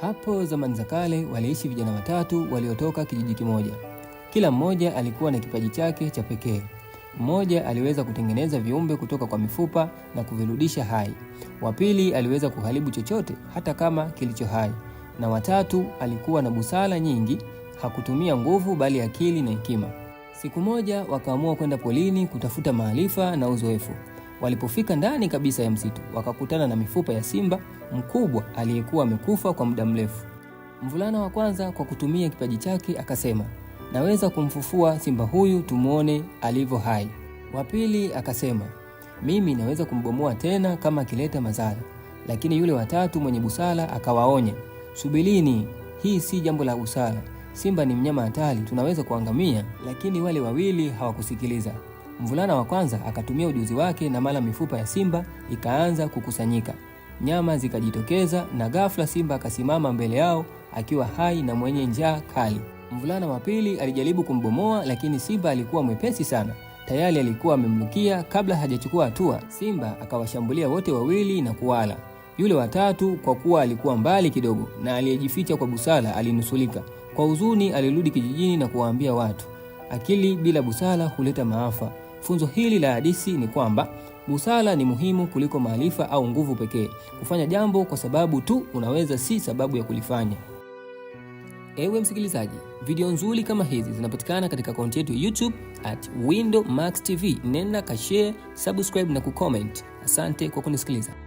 Hapo zamani za kale waliishi vijana watatu waliotoka kijiji kimoja. Kila mmoja alikuwa na kipaji chake cha pekee. Mmoja aliweza kutengeneza viumbe kutoka kwa mifupa na kuvirudisha hai. Wa pili aliweza kuharibu chochote hata kama kilicho hai. Na watatu alikuwa na busara nyingi, hakutumia nguvu bali akili na hekima. Siku moja wakaamua kwenda polini kutafuta maarifa na uzoefu. Walipofika ndani kabisa ya msitu, wakakutana na mifupa ya simba mkubwa aliyekuwa amekufa kwa muda mrefu. Mvulana wa kwanza kwa kutumia kipaji chake akasema, naweza kumfufua simba huyu tumwone alivyo hai. Wa pili akasema, mimi naweza kumbomoa tena kama akileta madhara. Lakini yule watatu mwenye busara akawaonya, subilini hii si jambo la busara. Simba ni mnyama hatari, tunaweza kuangamia. Lakini wale wawili hawakusikiliza. Mvulana wa kwanza akatumia ujuzi wake na mala mifupa ya simba ikaanza kukusanyika, nyama zikajitokeza, na ghafla simba akasimama mbele yao akiwa hai na mwenye njaa kali. Mvulana wa pili alijaribu kumbomoa, lakini simba alikuwa mwepesi sana, tayari alikuwa amemlukia kabla hajachukua hatua. Simba akawashambulia wote wawili na kuwala. Yule watatu kwa kuwa alikuwa mbali kidogo na aliyejificha kwa busara alinusulika. Kwa huzuni, alirudi kijijini na kuwaambia watu, akili bila busara huleta maafa. Funzo hili la hadithi ni kwamba busara ni muhimu kuliko maarifa au nguvu pekee. Kufanya jambo kwa sababu tu unaweza si sababu ya kulifanya. Ewe msikilizaji, video nzuri kama hizi zinapatikana katika akaunti yetu ya YouTube at Window Max TV. Nenda kashare, subscribe na kucomment. Asante kwa kunisikiliza.